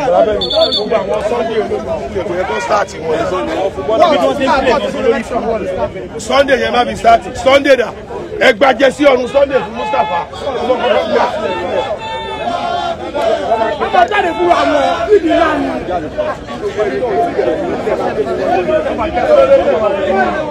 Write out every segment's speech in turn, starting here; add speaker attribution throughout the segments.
Speaker 1: Sunday olóògbé kò yẹ kó start wọn ẹ Sunday yẹn má fi start Sunday dà ẹ gbàjẹ sí ọrùn Sunday fún Mustapha ọmọ jáde fún wa lọ náà ni.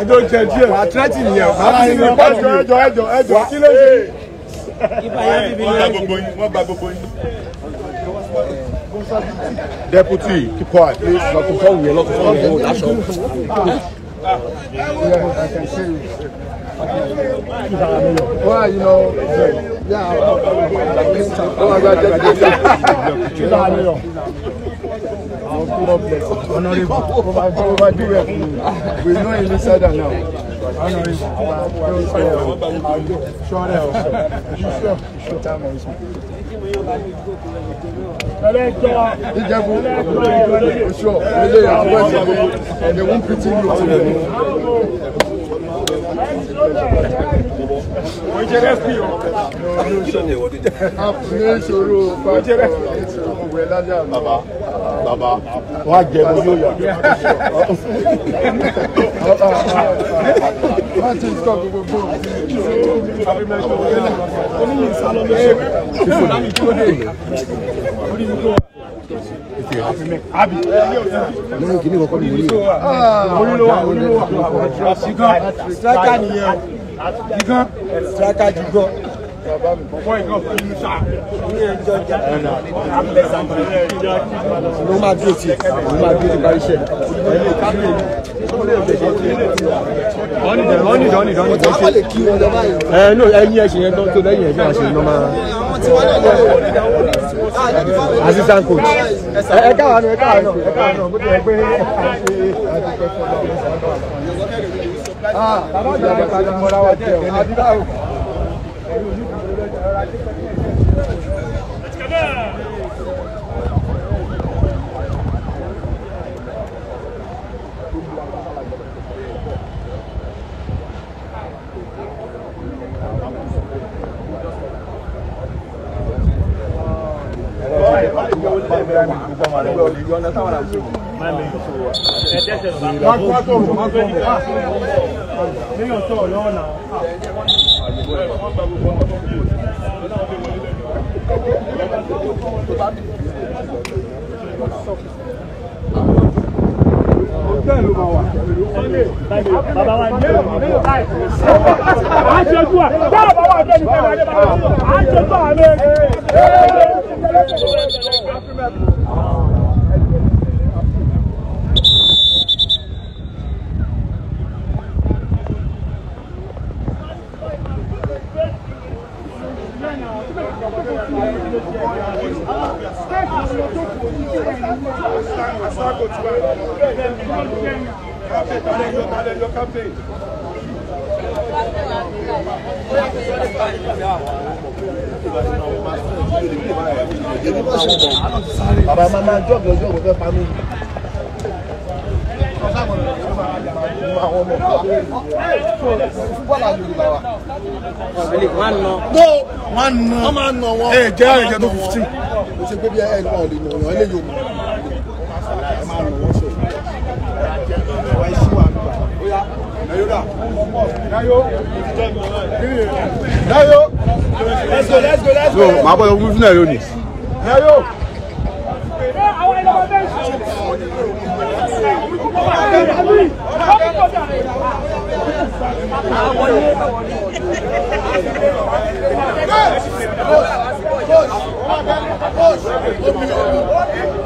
Speaker 1: ẹjọ́ jẹ díẹ̀ wà á tẹ́tì nìyẹn wà á tẹ́tì nìyẹn ẹjọ́ ẹjọ́ ẹjọ́ ẹjọ́ kí ló ṣe. wọ́n gba gbogbo yín wọ́n gba gbogbo yín. deputy keep quiet please lọ tún fọwọ́ yẹn lọ tún fọwọ́ yẹn o daṣọ. Well, you know, yeah, yeah. Honorable, we know in this other now. Ìjẹ̀bú oṣù ilé àwọn ẹ̀sìn gbogbo ẹ̀dẹ̀ wọ́n pìtì ìlú ti rẹ̀ mú. Wọ́n jẹ́ rẹ́sì o. Ní ìṣòro pàtó ìṣòro ìwé lájà bàbá bàbá wọn á jẹ mo yóò yà. Abi, lẹ́yìn kìíní kọ́kọ́ ni mo ní. Onílówà, onílówà, ló máa bí etí ló máa bí etí bá iṣẹ́ ẹni kábíyè ọ̀nìdẹ̀ ọ̀nìdẹ̀ ọ̀nìdẹ̀ ọ̀nìdẹ̀ ṣe ẹ ní ẹyin ẹṣin yẹn tó lẹ́yìn ẹjọ́ àṣẹ ló máa assistant coach ẹ káwa nù ẹ káwa nù ẹ káwa nù bó ti yẹ pé
Speaker 2: ah bàbá ìjọba ìpàdé mọ́ra wà jẹun àdúrà o.
Speaker 1: Thank you. Bàbá wa ní ìlú láìpẹ́. Àjọjú à, bá bàbá wa bẹ́ẹ̀ ni kẹ́lẹ́ adé bàbá wa. Àjọjú à lé. Asako tuwa, kapet ale yo, ale yo kapet bàbá máa máa jọ́ọ̀gì ọjọ́ òkú fẹ́ pa mí. wọ́n á nà wọ́n. ẹ jẹ́ àìjẹ́ tó fifteen. o ti gbé bí ẹ̀ ẹ̀ náà lè nà ọ̀yàn ẹ̀ lè yọ̀ mọ́. so màá bọ̀ fún fúnà lónìí. Push! Push! Push!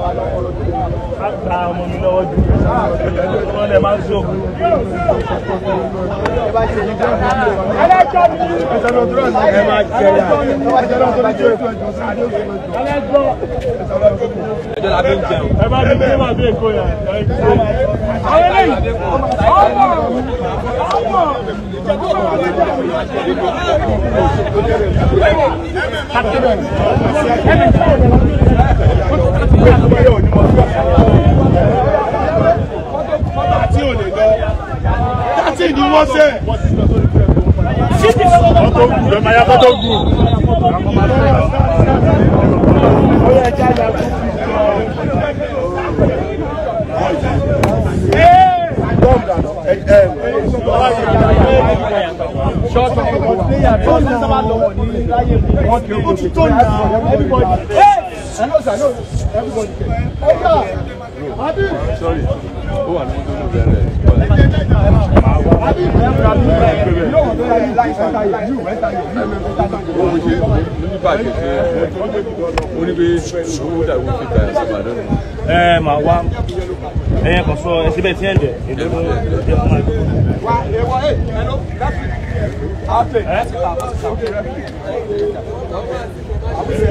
Speaker 1: a gba ọmọ mi lọ́wọ́ jù wọ́n lè máa ń so. ẹjọ́ la fi ń jẹun. ẹ bá mi gbé wà bí èkó yà. àwọn eléyìí ọmọ ọmọ ìjọba wà níjà. Thank you àti òde lọ dátì ni wọ́n ṣe ọtọ on Hey! I know, sir. I know. Everybody can. Sorry. Ó wà lóko tó bẹ̀rẹ̀. Habib, you know what I like better you. You better you. Ó wọ́n ṣe ní bàjẹ́ pé ó ní pé owó dàbí ó fi gbà ẹ̀ sábà lọ́nà. Ẹ máa wá ẹyẹ kan sọ ẹ síbẹ̀ tí ẹ̀ ń dẹ̀ é. Ẹ̀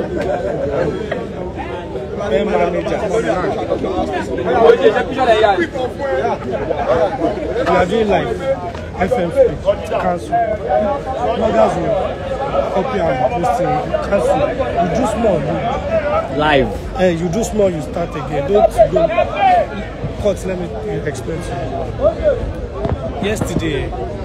Speaker 1: ẹ manager. we are doing live FFP council bloggers room copy and posting council you do small you live eh you do small you start again don't go cut let me explain to you yesterday.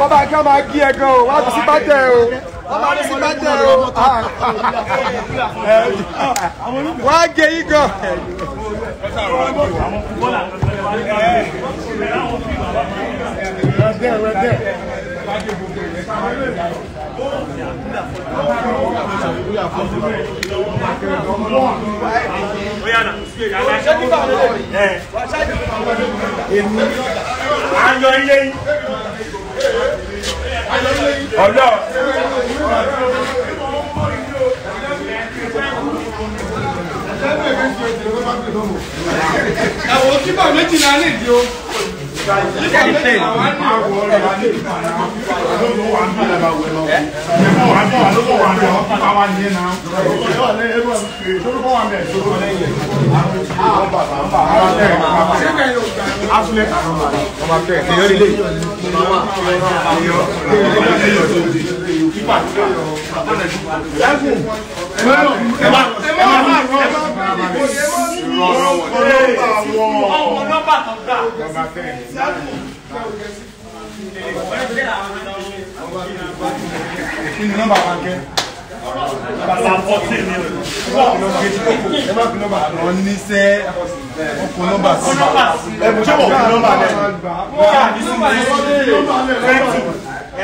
Speaker 1: ọba kan máa gí ẹ gan o wá sí bàtẹ o ọba ní sí bàtẹ o wá gé yí gan. Right there, right there ayọ̀ ilé yìí ọ̀dọ́. ẹ̀wọ̀n kíkọ̀ méjì o. You can play. Ẹ̀wọ̀n ẹ̀wọ̀n ẹ̀wọ̀n ẹ̀wọ̀n rọrùn wọn. ọmọ nọ́mbà tó gbà. nọ́mbà ten. kí ni nọ́mbà wa kẹ́? nọ́mbà fourteen ni o. ẹ má fi nọ́mbà lọ níṣẹ́ ọkọ̀ nọ́mbà sí. ẹ bùjẹ́ wọ̀ fún nọ́mbà rẹ̀. nọ́mbà ní sinmi twenty.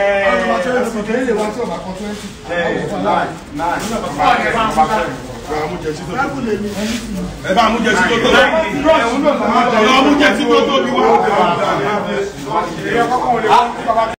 Speaker 1: Ẹ̀ẹ́dẹ́gbẹ̀rún lè wá tí ọba kan twenty. Ẹ̀ẹ́dẹ́gbẹ̀rún lè wá tí ọba kan twenty ẹ bá amújẹ sí tó tóbi lọ amújẹ sí tó tóbi wá.